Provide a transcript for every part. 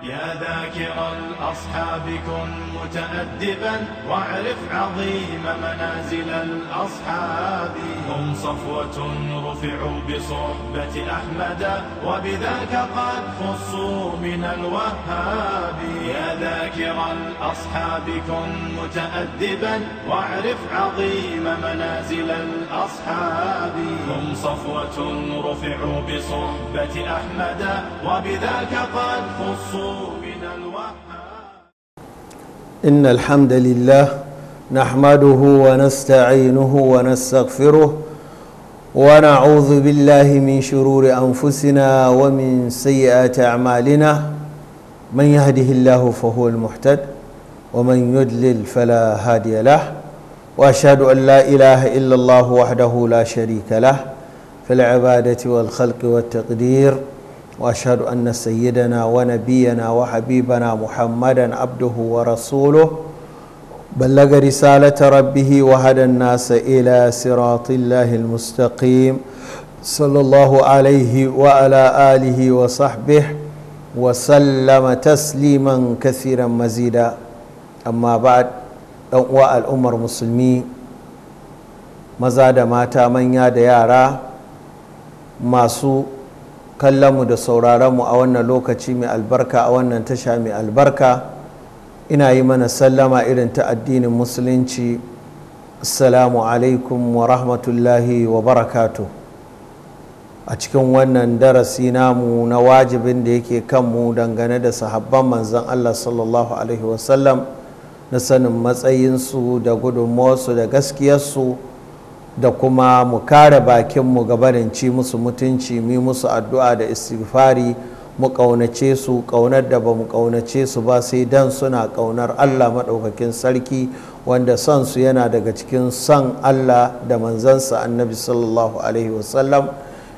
يا ذاكر الأصحاب كن متأدبا واعرف عظيم منازل الأصحاب هم صفوة رفعوا بصحبة أحمد وبذاك قد خصوا من الوهاب يا ذاكر الأصحاب كن متأدبا واعرف عظيم منازل الأصحاب هم صفوة رفعوا بصحبة أحمد وبذاك قد ينقص من الوهاب إن الحمد لله نحمده ونستعينه ونستغفره ونعوذ بالله من شرور أنفسنا ومن سيئات أعمالنا من يهده الله فهو المحتد ومن يدلل فلا هادي له وأشهد أن لا إله إلا الله وحده لا شريك له في العبادة والخلق والتقدير واشهد ان سيدنا ونبينا وحبيبنا محمدا عبده ورسوله بلغ رساله ربه وهدى الناس الى صراط الله المستقيم صلى الله عليه وعلى اله وصحبه وسلم تسليما كثيرا مزيدا اما بعد ɗan al'ummar musulmi maza da mata manya da yara masu kallonmu da sauraronmu a wannan lokaci mai albarka a wannan tasha mai albarka ina yi mana sallama irin ta addinin musulunci assalamu alaikum wa rahmatullahi wa barakatu a cikin wannan darasi namu na wajibin da yake kanmu dangane da sahabban manzan allah sallallahu alaihi wasallam na sanin matsayinsu da gudunmawarsu da gaskiyarsu da kuma mu kare bakinmu gabanin ci musu mutunci mi musu addu'a da istighfari mu ƙaunace su ƙaunar da ba mu ƙaunace su ba sai dan suna ƙaunar allah maɗaukakin sarki wanda son su yana daga cikin son allah da manzansa annabi sallallahu alaihi wasallam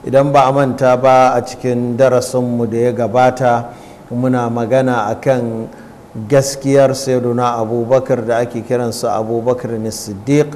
idan ba a manta ba a cikin darasinmu da ya gabata muna magana akan gaskiyar sayyiduna abubakar da ake kiransa abubakar ne siddiq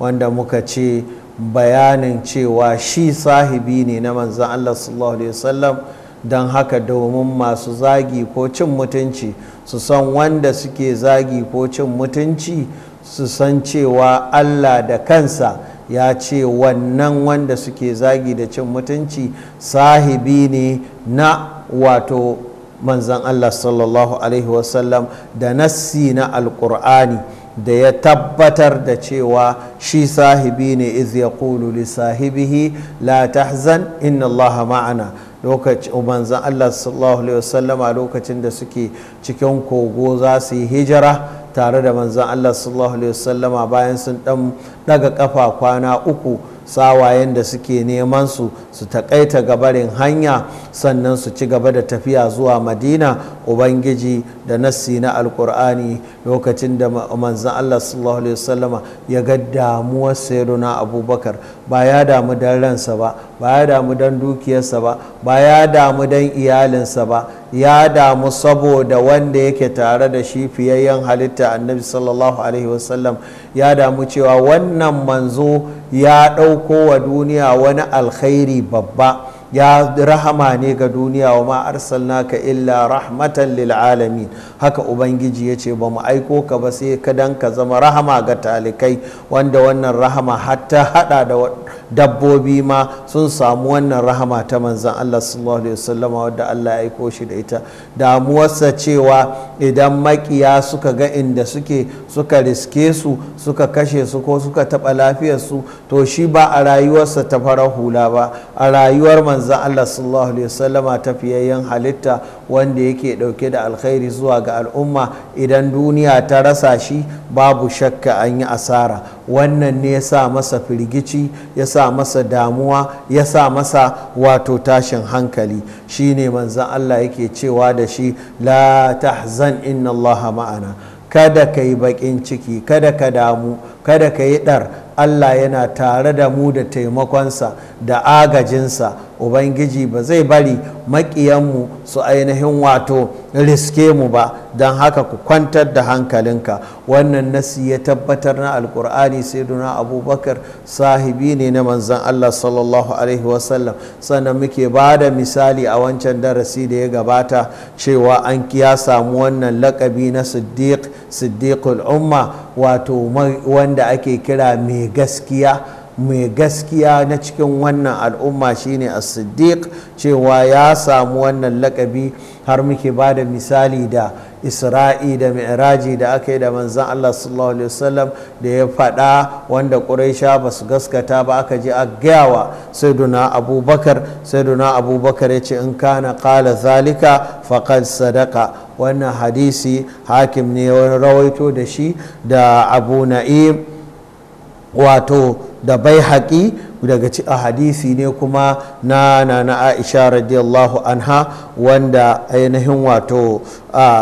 wanda muka ce bayanin cewa shi sahibi ne na manzan Allah sallallahu alaihi wasallam don haka domin masu zagi ko cin mutunci su san wanda suke zagi ko cin mutunci su san cewa Allah da kansa ya ce wannan wanda suke zagi da cin mutunci sahibi ne na wato manzan Allah sallallahu alaihi wasallam da nassi na alkur'ani da ya tabbatar da cewa shi sahibi ne iz ya li sahibihi la tahzan inna Allah ma'ana lokacin manzan Allah sallallahu alaihi wasallama lokacin da suke cikin kogo za su yi hijira tare da manzan Allah sallallahu alaihi wasallama bayan sun dan daga kafa kwana uku sawayen da suke neman su su takaita gabarin hanya sannan su ci gaba da tafiya zuwa madina ubangiji da nassi na alkur'ani lokacin da manzan allah sallallahu alaihi wasallama ya ga damuwar sayyiduna abubakar ba ya damu dan ransa ba ba ya damu dan dukiyarsa ba ba ya damu dan iyalinsa ba ya damu saboda wanda yake tare da shi fiyayyen halitta annabi sallallahu alaihi wasallam ya damu cewa wannan manzo ya ɗauko wa duniya wani alkhairi babba ya rahama ne ga duniya wa ma ka illa rahmatan lil haka ubangiji ya ce ba mu aiko ka ba sai ka dan ka zama rahama ga talikai wanda wannan rahama hatta hada da dabbobi ma sun samu wannan rahama ta manzan Allah sallallahu alaihi wasallam wadda Allah ya aiko shi da ita damuwarsa cewa idan makiya suka ga inda suke suka riske su suka kashe su ko suka taɓa su to shi ba a rayuwarsa ta farar hula ba a rayuwar manzan Allah sallallahu alaihi wasallama tafiyayyen halitta wanda yake ɗauke da alkhairi zuwa ga al'umma idan duniya ta rasa shi babu shakka an yi asara wannan ne ya sa masa firgici ya sa masa damuwa ya sa masa wato tashin hankali shi ne manzan Allah yake cewa da shi la tahzan inna Allah ma'ana kada ka yi baƙin ciki kada ka damu kada ka yi ɗar Allah yana tare da mu da taimakonsa da agajinsa ubangiji ba zai bari maƙiyanmu su ainihin wato riske mu ba don haka ku kwantar da hankalinka wannan nasi ya tabbatar na alkur'ani sai duna abubakar sahibi ne na manzan allah sallallahu alaihi wasallam sannan muke ba da misali a wancan darasi da ya gabata cewa an ya samu wannan lakabi na siddiq siddiqul umma wato wanda ake kira mai gaskiya mai gaskiya na cikin wannan al'umma shine as-siddiq cewa ya samu wannan lakabi har muke ba da misali da isra'i da mi'raji da aka yi da manzan allah sallallahu alaihi wasallam da ya faɗa wanda ƙuraisha ba su gaskata ba aka je a gayawa sai duna abubakar sai duna abubakar ya ce in kana kala zalika faƙad sadaka wannan hadisi hakim ne wani rawaito da shi da abu na'im wato da bai haƙi daga ci a hadisi ne kuma na na aisha radiyallahu anha wanda ainihin wato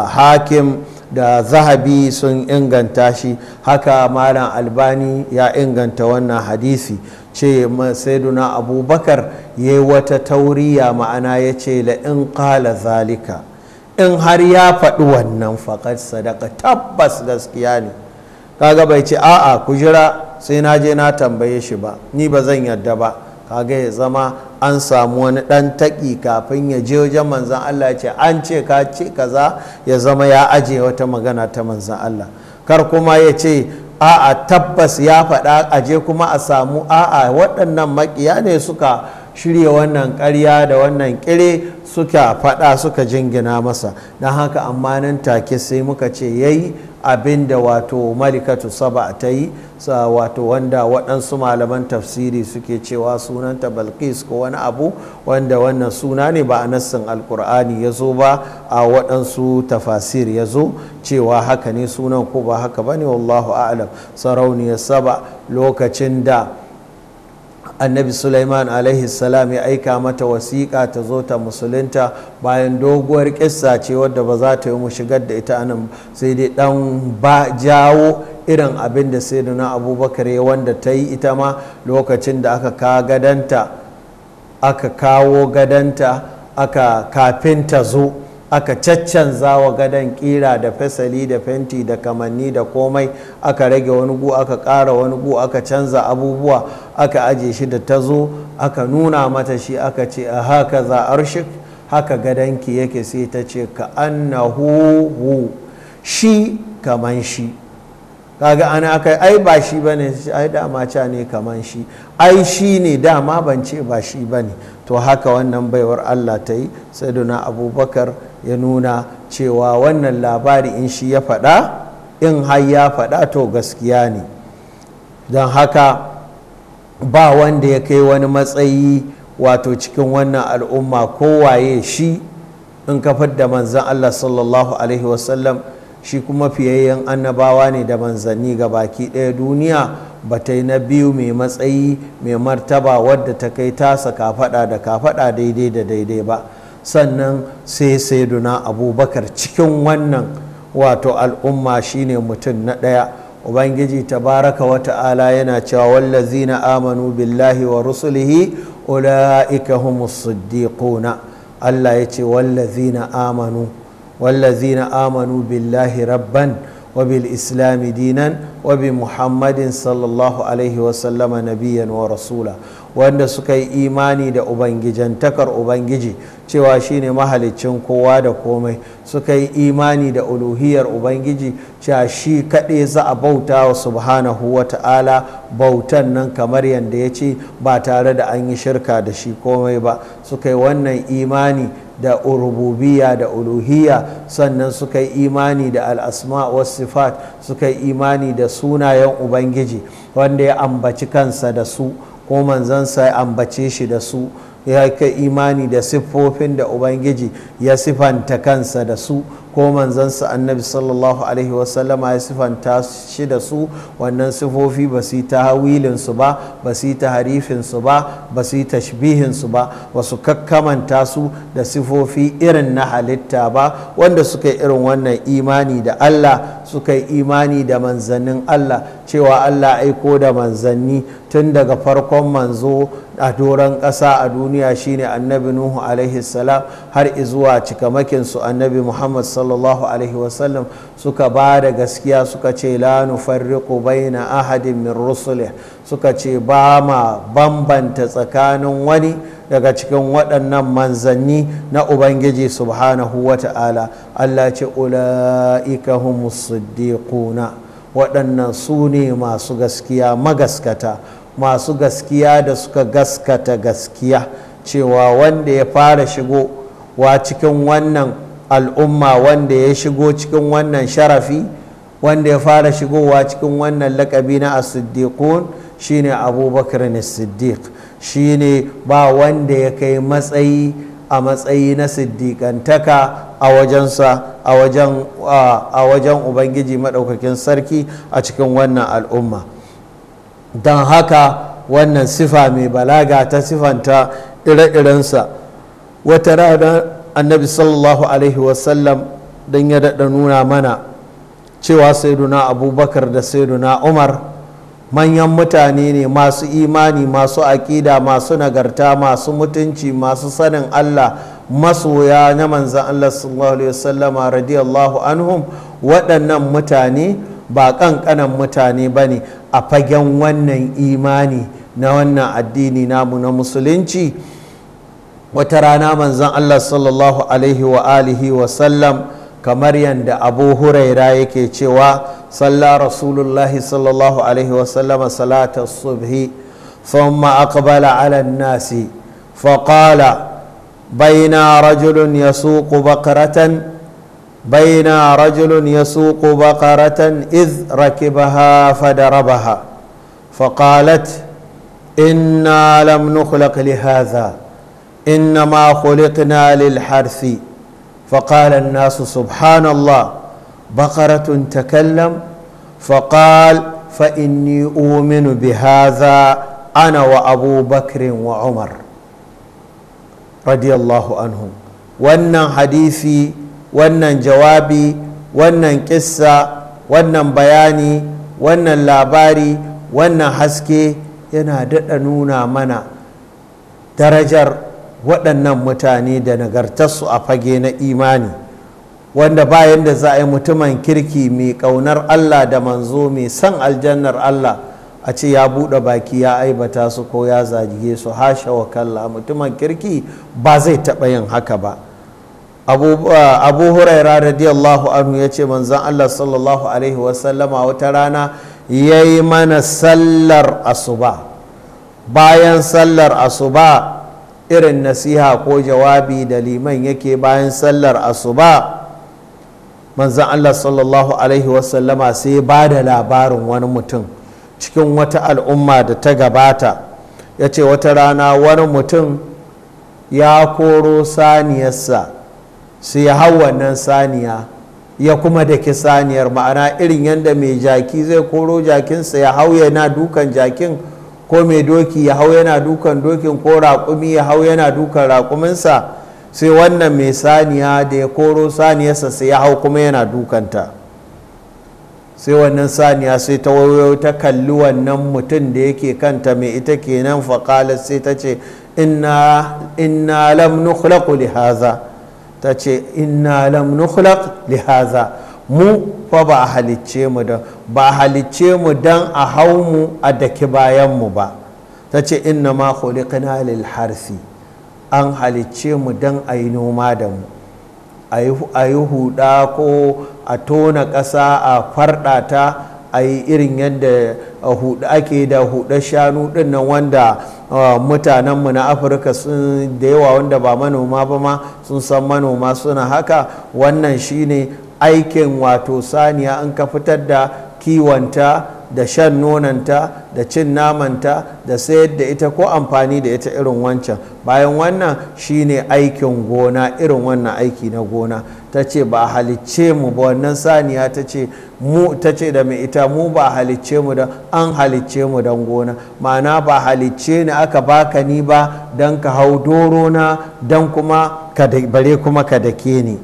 hakim da zahabi sun inganta shi haka malam albani ya inganta wannan hadisi ce saiduna abubakar ya yi wata tauriya ma'ana ya ce la'in ƙala zalika in har ya faɗi wannan faƙar sadaka tabbas gaskiya ne kaga bai ce a'a ku jira sai na je na tambaye shi ba ni ba zan yadda ba kaga ya zama an samu wani ɗan taƙi kafin ya je wajen manzan Allah ya ce an ce ka ce kaza ya zama ya ajiye wata magana ta manzan Allah kar kuma ya ce a'a tabbas ya faɗa aje kuma a samu a'a waɗannan maƙiya ne suka shirya wannan karya da wannan kire suka faɗa suka jingina masa don haka amma nan take sai muka ce ya yi abin da wato malikatu saba ta yi wato wanda waɗansu malaman tafsiri suke cewa sunanta balkis ko wani abu wanda wannan suna ne ba a nassin alkur'ani ya zo ba a waɗansu tafasir ya zo cewa haka ne sunan ko ba haka ba ne wallahu a'lam sarauniyar saba lokacin da annabi suleiman alaihi salam ya aika mata wasiƙa ta zo ta musulunta bayan doguwar ƙissa ce wadda ba za ta yi mu shigar da ita anan sai dai ɗan ba jawo irin abin da sai na abubakar ya wanda ta yi ita ma lokacin da aka ka gadanta aka kawo gadanta aka kafin ta zo aka caccanza wa gadon kira da fasali da fenti da kamanni da komai aka rage wani gu aka ƙara wani gu aka canza abubuwa aka aje shi da ta zo aka nuna mata shi aka ce a haka za arshik haka gadonki yake sai ta ce ka annahu shi kaman shi kaga ana aka ai ba shi ne ai dama ca ne kaman shi ai shi ne dama ban ce ba shi ba ne to haka wannan baiwar Allah ta yi sai sayyiduna abubakar ya nuna cewa wannan labari in shi ya faɗa in har ya faɗa to gaskiya ne don haka ba wanda ya kai wani matsayi wato cikin wannan al'umma kowaye shi in kafar da manzan Allah sallallahu alaihi wasallam shi kuma fiyayyen annabawa ne da manzanni ga baki ɗaya duniya ba ta yi na biyu mai matsayi mai martaba wadda ta kai tasa kafaɗa da kafaɗa daidai da daidai ba sannan sai saiduna abubakar cikin wannan wato al'umma shine mutum na ɗaya ubangiji tabaraka wa ta'ala yana cewa wallazina amanu billahi wa rusulihi ula'ika humus siddiquna allah ya ce wallazina amanu والذين آمنوا بالله ربا وبالإسلام دينا وبمحمد صلى الله عليه وسلم wa ورسولا wanda suka yi imani da ubangijantakar ubangiji cewa shine mahaliccin kowa da komai suka yi imani da uluhiyar ubangiji cewa shi kaɗe za a bauta wa subhanahu wa ta'ala bautan nan kamar yadda ya ce ba tare da an yi shirka da shi komai ba suka yi wannan imani da urububiya da uluhiya sannan suka yi imani da al'asma was sifat suka yi imani da sunayen ubangiji wanda ya ambaci kansa da su ko manzansa ya ambace shi da su ya kai imani da siffofin da ubangiji ya sifanta kansa da su ko manzansa annabi sallallahu alaihi wasallama ya sifanta shi da su wannan sifofi ba su ta hawilin su ba ba su ta taharifin su ba ba su ta tashbihin su ba ba su kakkamanta su da sifofi irin na halitta ba wanda suka irin wannan imani da Allah suka imani da manzannin Allah cewa Allah aiko da manzanni tun daga farkon manzo a doron ƙasa a duniya shine annabi nuhu alaihi salam har izuwa cikamakin su annabi muhammad sallallahu alaihi wasallam suka ba da gaskiya suka ce la nufarriqu baina ahadin min rusulih suka ce ba ma bambanta tsakanin wani daga cikin waɗannan manzanni na ubangiji subhanahu wa ta'ala allah ce ula'ika humus siddiquna waɗannan su ne masu gaskiya magaskata masu gaskiya da suka gaskata gaskiya cewa wanda ya fara shigo wa cikin wannan al'umma wanda ya shigo cikin wannan sharafi wanda ya fara shigowa cikin wannan lakabi na asiddiqun shine abubakar siddiq shine ba wanda ya kai matsayi a matsayi na siddiƙantaka a wajensa a wajen ubangiji maɗaukakin sarki a cikin wannan al'umma don haka wannan sifa mai balaga ta sifanta ire-irensa wata rana annabi sallallahu alaihi wasallam don ya daɗa nuna mana cewa saiduna abubakar da saiduna umar manyan mutane ne masu imani masu aƙida masu nagarta masu mutunci masu sanin allah masoya na manzan allah sallallahu alaihi wasallama radiyallahu anhum waɗannan mutane ba ƙanƙanan mutane ba ne a fagen wannan imani na wannan addini namu na musulunci wata rana manzon Allah sallallahu alaihi wa alihi wa sallam kamar yadda abu huraira yake cewa salla rasulullahi sallallahu alaihi wa sallam salata subhi thumma aqbala ala nasi faqala baina rajulun yasuqu bakaratan بين رجل يسوق بقرة إذ ركبها فدربها فقالت إنا لم نخلق لهذا إنما خلقنا للحرث فقال الناس سبحان الله بقرة تكلم فقال فإني أؤمن بهذا أنا وأبو بكر وعمر رضي الله عنهم wannan hadisi wannan jawabi wannan kissa wannan bayani wannan labari wannan haske yana daɗa nuna mana darajar waɗannan mutane da nagartarsu a fage na imani wanda bayan da za a yi mutumin kirki mai ƙaunar Allah da manzo mai son aljannar Allah a ce ya buɗe baki ya aibata su ko ya zage su hasha wa kalla mutumin kirki ba zai taɓa yin haka ba abu, uh, abu huraira radiyallahu anhu ya ce manzan Allah sallallahu alaihi wasallama wata rana ya yi mana sallar asuba bayan sallar asuba irin nasiha ko jawabi da liman yake bayan sallar asuba manzan Allah sallallahu alaihi wasallama sai ba da labarin wani mutum cikin wata al'umma da ta gabata ya ce wata rana wani mutum ya koro saniyarsa sai ya hau wannan saniya ya kuma daki saniyar ma'ana irin yadda mai jaki zai koro jakinsa ya hau yana dukan jakin ko mai doki ya hau yana dukan dokin ko raƙumi ya hau yana dukan raƙuminsa sai wannan mai saniya da ya koro saniyarsa sai ya hau kuma yana dukanta sai wannan saniya sai ta wayo ta kalli wannan mutum da yake kanta mai ita kenan faƙalar sai ta ce inna lam nukhlaq li ta ce inna lam nukhlaq li mu fa ba a halicce mu don ba a halicce mu don a hau mu a daki bayan mu ba ta ce inna ma khuliqna lil harsi an halicce mu don a yi noma da mu a yi huda ko a tona ƙasa a farɗa ta a yi irin yadda ake da hudar shanu din nan wanda mutanenmu na afirka sun da yawa wanda ba manoma ba ma sun san manoma suna haka wannan shine aikin wato saniya an ka fitar da kiwonta da shan nonanta da cin namanta da sayar da ita ko amfani da ita irin wancan bayan wannan shine aikin gona irin wannan aiki na gona ta ce ba a halicce mu ba wannan saniya ta ce mu ta ce da mai ita mu ba halicce mu don an halicce mu don gona ma'ana ba a halicce ni aka baka ni ba don ka hau doro na don kuma bare kuma ka dake ni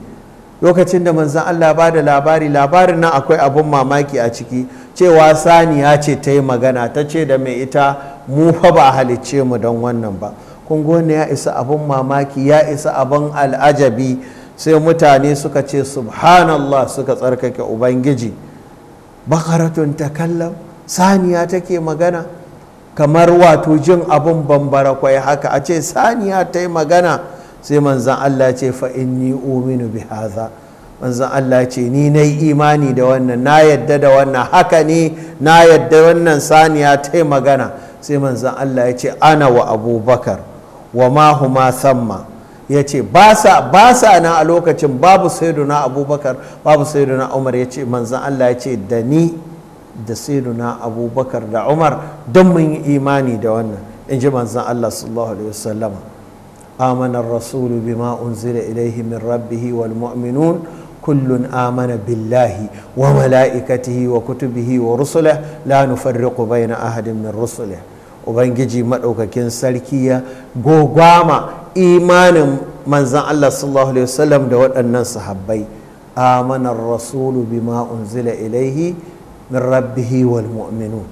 lokacin da manzan Allah ba da labari labarin nan akwai abun mamaki a ciki cewa saniya ce ta yi magana ta ce da mai ita mu fa ba halicce mu don wannan ba kun gone ya isa abun mamaki ya isa abun al'ajabi sai mutane suka ce subhanallah suka tsarkake ubangiji bakaratun ta takallam saniya take magana kamar wato jin abun bambara kwai haka a ce saniya ta yi magana sai manzan Allah ce fa inni uminu bi haza manzan Allah ce ni na imani da wannan na yadda da wannan haka ne na yadda wannan saniya ta magana sai manzan Allah ya ce ana wa abubakar wa mahuma samma ya ce ba sa na a lokacin babu saiduna abubakar babu saiduna umar ya ce manzan Allah ya ce da ni da saiduna abubakar da umar don mun yi imani da wannan in ji manzan Allah sallallahu alaihi wasallama آمن الرسول بما أنزل إليه من ربه والمؤمنون كل آمن بالله وملائكته وكتبه ورسله لا نفرق بين أحد من رسله ubangiji maɗaukakin sarki ya gogwama imanin manzan Allah sallallahu alaihi wasallam da waɗannan sahabbai amanar rasulu bima unzila ilaihi min rabbihi wal mu'minun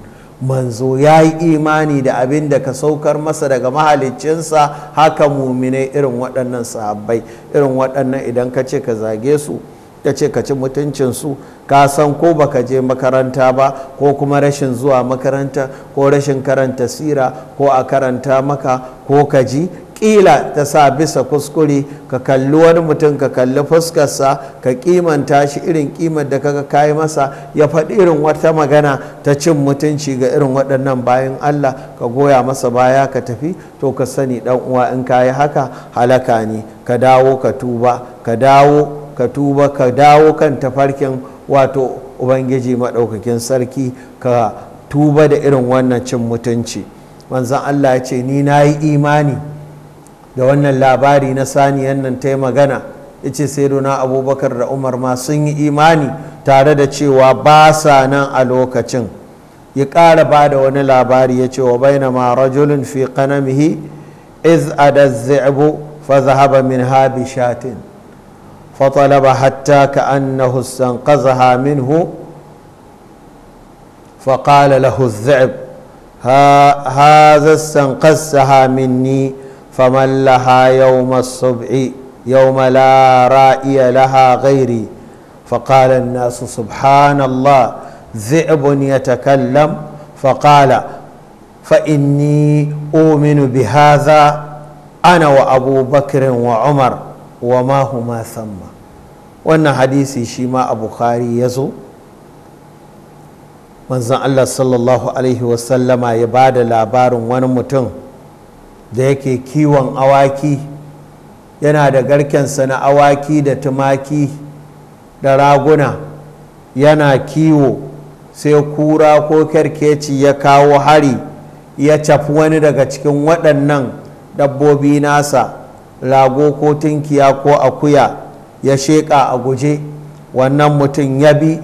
manzo ya yi imani da abin da ka saukar masa daga mahaliccinsa haka muminai irin waɗannan sahabbai irin waɗannan idan ka ce ka zage su ka ce ka ci mutuncinsu ka san ko baka je makaranta ba ko kuma rashin zuwa makaranta ko rashin karanta sira ko a karanta maka ko ka ji kila ta sa bisa kuskure ka kalli wani mutum ka kalli fuskarsa ka kimanta shi irin kimar da kaga kayi masa ya faɗi irin wata magana ta cin mutunci ga irin waɗannan bayan Allah ka goya masa baya ka tafi to ka sani ɗan uwa in kayi haka halaka ne ka dawo ka tuba ka dawo ka tuba ka dawo kan tafarkin wato ubangiji maɗaukakin sarki ka tuba da irin wannan cin mutunci manzan Allah ya ce ni na yi imani da wannan labari na saniyan nan ta magana ice sai dona abubakar da umar ma sun yi imani tare da cewa ba sa nan a lokacin ya ƙara ba da wani labari ya ce wa baina ma rajulun fi qanamihi iz adazzi'bu fa zahaba min habi shatin fa talaba hatta ka annahu istanqazaha minhu fa qala lahu الذئب هذا استنقذتها مني فمن لها يوم الصبع يوم لا رائي لها غيري فقال الناس سبحان الله ذئب يتكلم فقال فإني أؤمن بهذا أنا وأبو بكر وعمر وما هما ثم وأن حديثي شيما أبو خاري يزو manzon Allah sallallahu Alaihi wasallama ya ba da labarin wani mutum da yake kiwon awaki yana da garkensa na awaki da tumaki da raguna yana kiwo sai kura ko kerkeci ya kawo hari ya cafi wani daga cikin waɗannan dabbobi nasa rago ko tunkiya ko akuya ya sheƙa a guje wannan mutum ya bi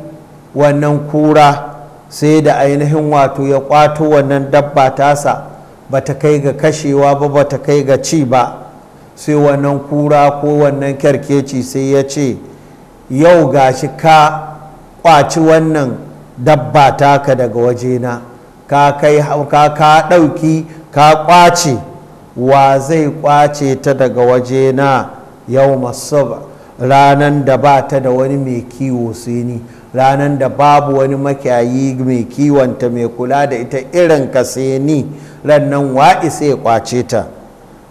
wannan kura sai da ainihin wato ya ƙwato wannan dabba tasa ba ta kai ga kashewa ba ba ta kai ga ci ba sai wannan kura ko wannan kyarkeci sai ya ce yau shi ka kwaci wannan dabba taka daga wajena ka kai ka ɗauki ka kwace wa zai kwace ta daga wajena yau masu ranar da ba ta da wani mai kiwo sai ni ranar da babu wani makiyayi mai kiwonta mai kula da ita irin ka sai ni rannan wa'i sai kwace ta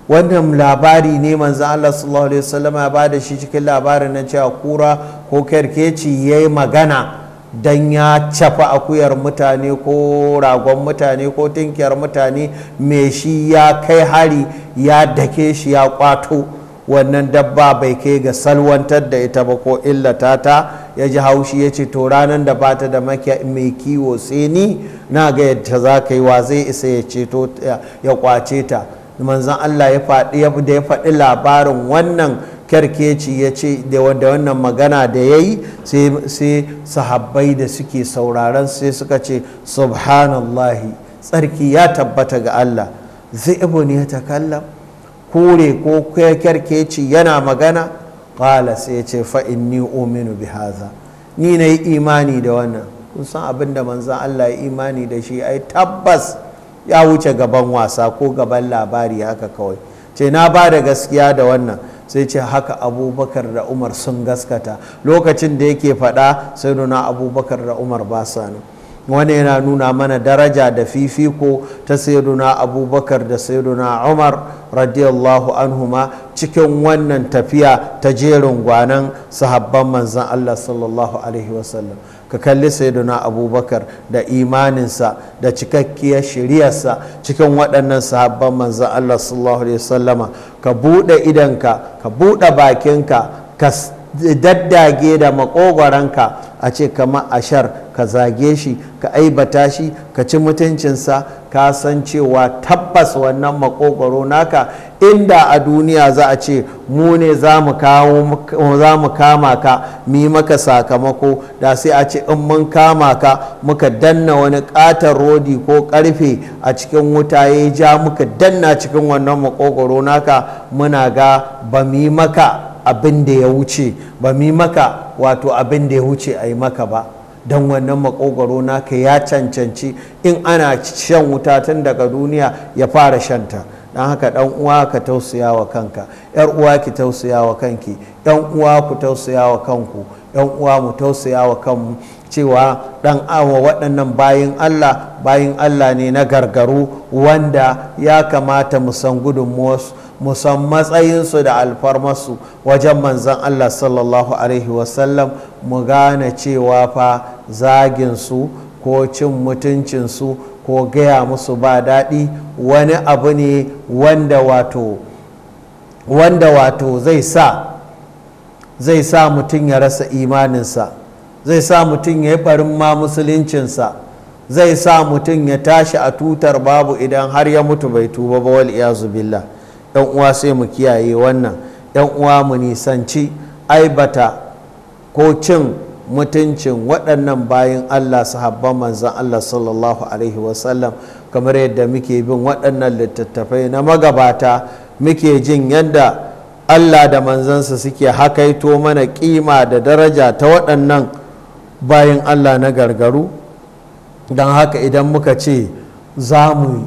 wannan labari ne manzan Allah sallallahu alaihi wasallam ya bada shi cikin labarin na cewa kura ko kerkeci ya yi magana don ya cafa akuyar mutane ko ragon mutane ko tinkiyar mutane mai shi ya kai hari ya dake shi ya kwato wannan dabba bai kai ga salwantar da ita ba ko illata ta ya ji haushi ya ce to ranar da ba ta da mai kiwo sai ni na ga yadda za ka yi wa zai isa ya ceto ya kwace ta manzan Allah ya faɗi da ya faɗi labarin wannan kyarkeci ya ce da wannan magana da ya yi sai sahabbai da suke sauraron sai suka ce subhanallahi tsarki ya tabbata ga Allah zai ne ya takallam kure ko kerkeci yana magana ƙala sai ya ce fa'in ni ominu bi haza ni na yi imani da wannan kun san abin da manzan Allah ya imani da shi ai tabbas ya wuce gaban wasa ko gaban labari haka kawai ce na ba da gaskiya da wannan sai ce haka abubakar da umar sun gaskata lokacin da yake faɗa sai nuna abubakar da umar ba sanu wani yana nuna mana daraja da fifiko ta sayyiduna abubakar da sayyiduna umar radiyallahu anhuma cikin wannan tafiya ta jerin gwanan sahabban manzan allah sallallahu alaihi wasallam ka kalli saiduna abubakar da imaninsa da cikakkiyar shiriyarsa cikin waɗannan sahabban manzan allah sallallahu alaihi wasallama ka buɗe idanka ka buɗe bakinka ka daddage da makogwaranka a ce kama ashar ka zage shi ka aibata shi ka ci mutuncinsa ka san cewa tabbas wannan makogoro naka inda a duniya za a ce mu ne za mu kama ka mi maka sakamako da sai a ce in mun kama ka muka danna wani katar rodi ko karfe a cikin wuta ya ja muka danna cikin wannan makogwaro naka muna ga ba mi maka abin da ya wuce ba mi maka wato abin da ya wuce a yi maka ba don wannan makogwaro naka ya cancanci in ana shan wuta tun daga duniya ya fara shanta don haka dan uwa ka tausaya wa kanka yar uwa ki tausaya wa kanki yan uwa ku tausaya wa kanku yan uwa mu tausaya wa kanmu cewa dan awa waɗannan bayin Allah bayin Allah ne na gargaru wanda ya kamata mu san gudunmuwarsu musan matsayinsu da alfarmarsu wajen manzan Allah sallallahu Alaihi wasallam mu gane cewa fa zaginsu ko cin mutuncinsu ko gaya musu ba daɗi wani abu ne wanda wato wanda wato zai sa zai sa mutum ya rasa imaninsa zai sa mutum ya yi farin ma musuluncinsa zai sa mutum ya tashi a tutar babu idan har ya mutu bai tuba ba wal iyazu yan uwa sai mu kiyaye wannan yan uwa mu nisanci aibata ko cin mutuncin waɗannan bayan Allah sahabban manzan Allah sallallahu alaihi wasallam kamar yadda muke bin waɗannan littattafai na magabata muke jin yadda Allah da manzansa suke hakaito mana kima da daraja ta waɗannan bayan Allah na gargaru don haka idan muka ce za mu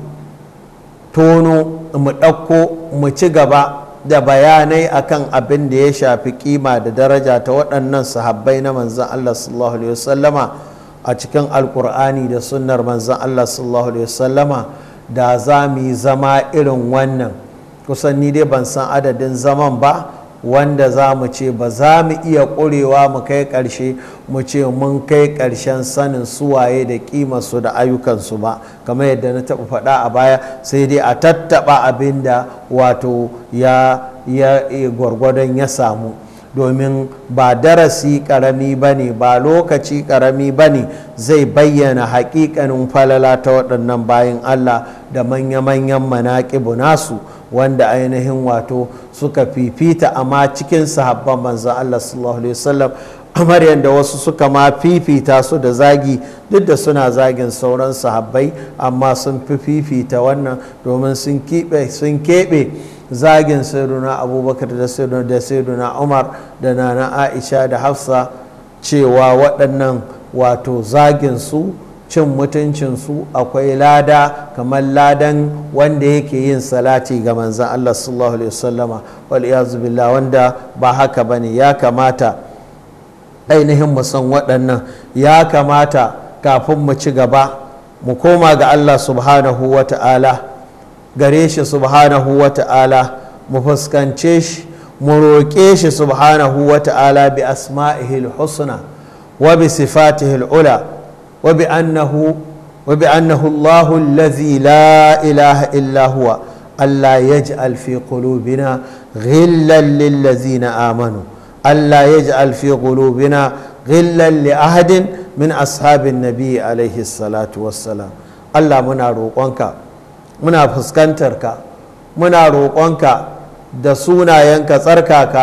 tono mu ɗauko mu ci gaba da bayanai akan abin da ya shafi kima da daraja ta waɗannan sahabbai na manzan Allah sallallahu alaihi wasallama a cikin alkur'ani da sunnar manzan Allah sallallahu alaihi wasallama da za mu yi zama irin wannan kusan ni dai ban san adadin zaman ba wanda za mu ce ba za mu iya ƙurewa mu kai ƙarshe mu ce mun kai ƙarshen sanin suwaye da ƙimarsu da ayyukansu ba kamar yadda na taɓa faɗa a baya sai dai a tattaɓa abin da wato ya eh, gwargwadon ya samu domin ba darasi ƙarami ba ne ba lokaci ƙarami ba ne zai bayyana haƙiƙanin falala ta waɗannan bayan allah da manya-manyan manaƙibu nasu wanda ainihin wato suka fifita amma cikin sahabban manzan Allah sallallahu alaihi wasallam kamar yadda wasu suka ma fifita su da zagi duk da suna zagin sauran sahabbai amma sun fi fifita wannan domin sun keɓe zagin sayyiduna abubakar da sayyiduna umar da nana aisha da hafsa cewa waɗannan wato zagin su cin mutuncinsu akwai lada kamar ladan wanda yake yin salati ga manzan Allah sallallahu alaihi wasallama billah wanda ba haka ba ne ya kamata ainihin mu waɗannan ya kamata kafin mu ci gaba mu koma ga Allah subhanahu wa ta'ala gare shi subhanahu wa ta'ala mu fuskance shi mu roƙe shi subhanahu wa ta'ala bi asma'ihil husna wa bi sifatihil ula وبأنه وبأنه الله الذي لا إله إلا هو ألا يجعل في قلوبنا غلا للذين آمنوا ألا يجعل في قلوبنا غلا لأحد من أصحاب النبي عليه الصلاة والسلام ألا منا روقونك منا فسكنترك منا روقونك دسونا ينكسركك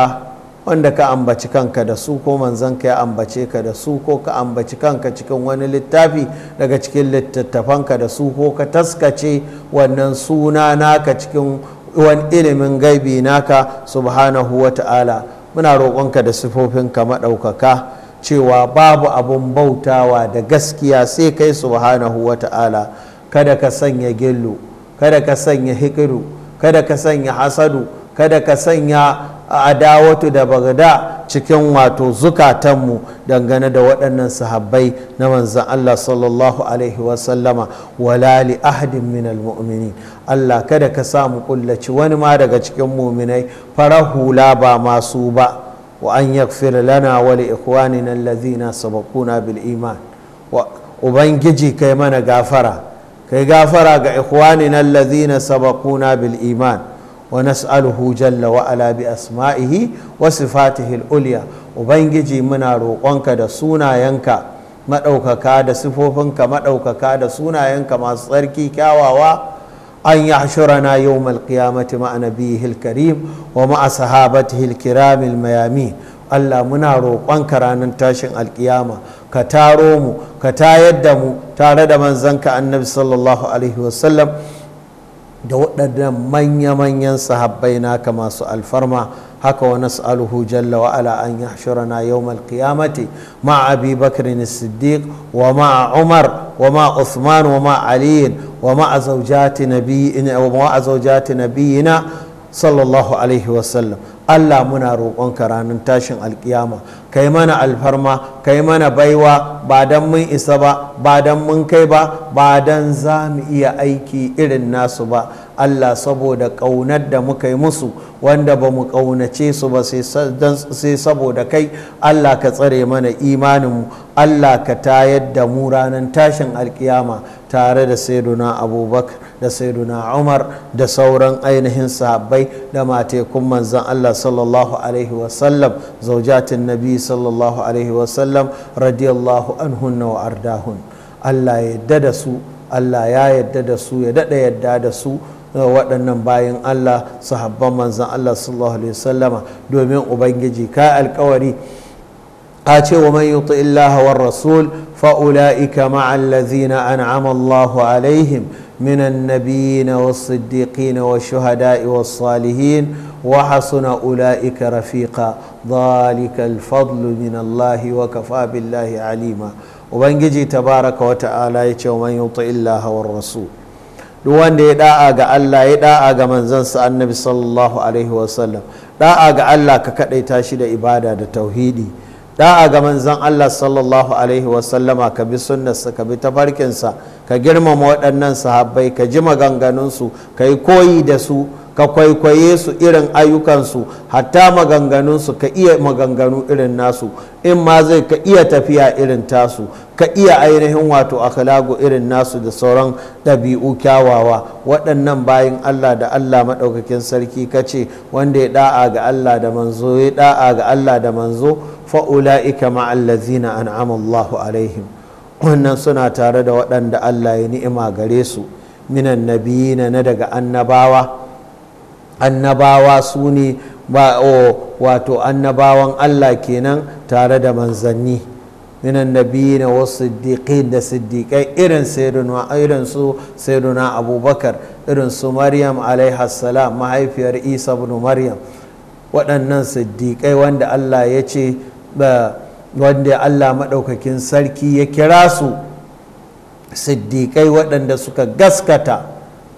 wanda ka ambaci kanka da su ko ka ya ambace ka da su ko ka ambaci kanka cikin wani littafi daga cikin littattafanka da su ko ka taskace wannan suna naka cikin wani ilimin gaibi naka subhanahu wa ta'ala muna roƙonka da sifofinka maɗaukaka cewa babu abun bautawa da gaskiya sai kai subhanahu wa ta'ala kada ka sanya gillu kada ka sanya hikiru kada ka sanya hasadu kada ka sanya a adawatu da bagada cikin wato zukatanmu dangane da waɗannan sahabbai na manzan Allah sallallahu alaihi wasallama wala ahadin minal mu'minin Allah kada ka samu kullaci wani ma daga cikin muminai fara hula ba masu ba wa an yaghfir lana bil iman wa ubangiji kai mana gafara kai gafara ga ikhwanina alladhina sabaquna bil iman ونسأله جل وعلا بأسمائه وصفاته العليا وبنجي منا روقنك دا سونا ينكا مدوككا دا صفوفنك مدوككا دا سونا ينكا ما صركي كاواوا أن يحشرنا يوم القيامة مع نبيه الكريم ومع صحابته الكرام الميامين Allah muna roƙonka ranar tashin alƙiyama ka taro mu ka tayar da mu tare da manzanka annabi sallallahu alaihi wasallam da waɗannan manya-manyan sahabbai naka masu alfarma haka wa nas'aluhu jalla wa ala an yahshurana yawmal qiyamati ma Abi Bakr as-Siddiq wa ma Umar wa ma Uthman wa ma Ali wa ma zawjati nabiyina wa ma zawjati nabiyina sallallahu alayhi wa sallam Allah muna roƙonka ranar tashin alƙiyama ka yi mana alfarma ka yi mana baiwa ba don mun isa ba ba don mun kai ba ba don za mu iya aiki irin nasu ba Allah saboda ƙaunar da muka yi musu wanda ba mu ƙaunace su ba sai saboda kai Allah ka tsare mana imaninmu Allah ka tayar da mu ranar tashin alƙiyama tare da saiduna abubakar da sayyiduna umar da sauran ainihin sahabbai da matekun manzan allah sallallahu alaihi wasallam zaujatin nabi sallallahu alaihi wasallam radiyallahu anhunna wa ardahun allah ya yadda da su allah ya yadda da su ya dada yadda da su waɗannan bayan Allah sahabban manzan Allah sallallahu alaihi wasallama domin ubangiji ka alkawari a ce wa man yuti illaha war rasul fa ulaika ma'al ladzina an'ama Allahu alaihim من النبيين والصديقين والشهداء والصالحين وحسن أولئك رفيقا ذلك الفضل من الله وكفى بالله عليما وبنجي تبارك وتعالى ومن يطع الله والرسول duk wanda ya da'a ga Allah ya da'a ga manzansa annabi sallallahu alaihi wasallam da'a ga Allah ka kadaita shi da ibada da tauhidi a ga manzon Allah sallallahu alaihi wasallama ka bi sunnarsa ka bi tafarkinsa ka girmama waɗannan sahabbai ka ji maganganunsu ka yi koyi da su ka kwaikwaye su irin ayyukansu hatta maganganunsu ka iya maganganu irin nasu in ma zai ka iya tafiya irin tasu ka iya ainihin wato akhlagu irin nasu da sauran ɗabi'u kyawawa waɗannan bayan Allah da Allah maɗaukakin sarki ka ce wanda ya ɗa'a ga Allah da manzo ya ɗa'a ga Allah da manzo fa'ula'ika ma'allazina an amallahu alaihim wannan suna tare da waɗanda Allah ya ni'ima gare su minan nabiyina na daga annabawa annabawa su ne wato annabawan Allah kenan tare da manzanni minan nabiyina wasu siddiqin da siddiqai irin irin su sayyiduna abubakar irin su maryam alaiha salam mahaifiyar isa ibn maryam waɗannan siddiqai wanda Allah ya ce wanda Allah maɗaukakin sarki ya kira su siddiƙai waɗanda suka gaskata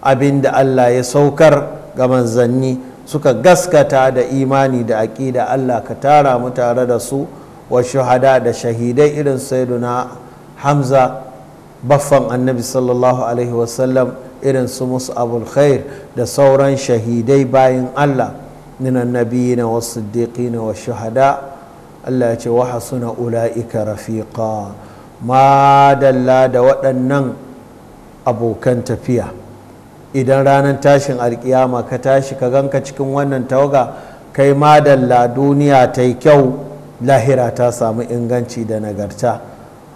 abin da Allah ya saukar ga manzanni suka gaskata da imani da aƙida Allah ka tara mu tare da su wa shuhada da shahidai irin na hamza baffan annabi sallallahu alaihi wasallam irin su musu abul khair da sauran shahidai bayan Allah na wasu wa siddiqina wa shuhada Allah ya ce wa hasuna ula'ika rafiqa ma dalla da waɗannan abokan tafiya idan ranar tashin alkiyama ka tashi ka ganka cikin wannan tawaga kai madalla duniya ta yi kyau lahira ta samu inganci da nagarta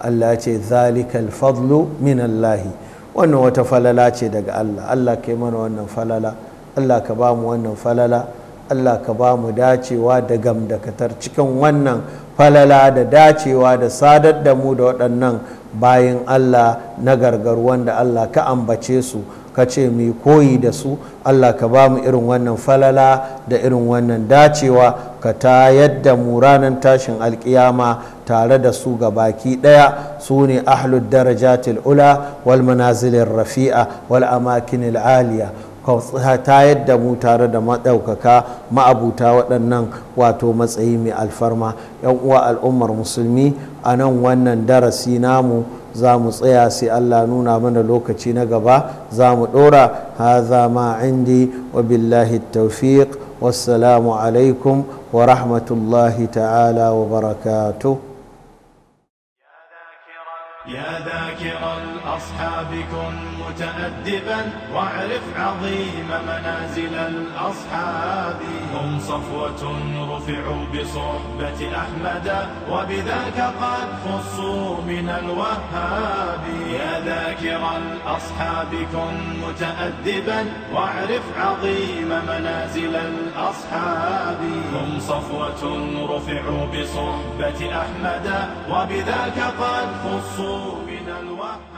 Allah ce zalikal fadlu min Allahi wannan wata falala ce daga Allah Allah kai mana wannan falala Allah ka ba mu wannan falala Allah ka ba mu dacewa da gamdakatar cikin wannan falala da dacewa da sadar da mu da waɗannan bayan Allah na gargar wanda Allah ka ambace su ka ce mu koyi da su Allah ka ba mu irin wannan falala da irin wannan dacewa ka ta yadda mu ranar tashin alkiyama tare da su ga baki ɗaya su ne ahlud darajatil ula wal manazilin rafi'a wal amakinil aliya ta yadda mu tare da maɗaukaka ma'abuta waɗannan wato matsayi mai alfarma 'yan uwa al'ummar musulmi a nan wannan darasi namu za mu tsaya sai Allah nuna mana lokaci na gaba za mu ɗora haza ma indi wa billahi tawfiq wassalamu alaikum wa rahmatullahi ta'ala wa barakatuh يا ذاكر الأصحاب كن متأدبا واعرف عظيم منازل الأصحاب هم صفوة رفعوا بصحبة أحمد وبذاك قد خصوا من الوهاب يا ذاكر الأصحاب كن متأدبا واعرف عظيم منازل الأصحاب هم صفوة رفعوا بصحبة أحمد وبذاك قد خصوا من الوهاب